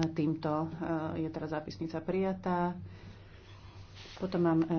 Týmto eh, je teraz zápisnica prijatá. Potom mám eh,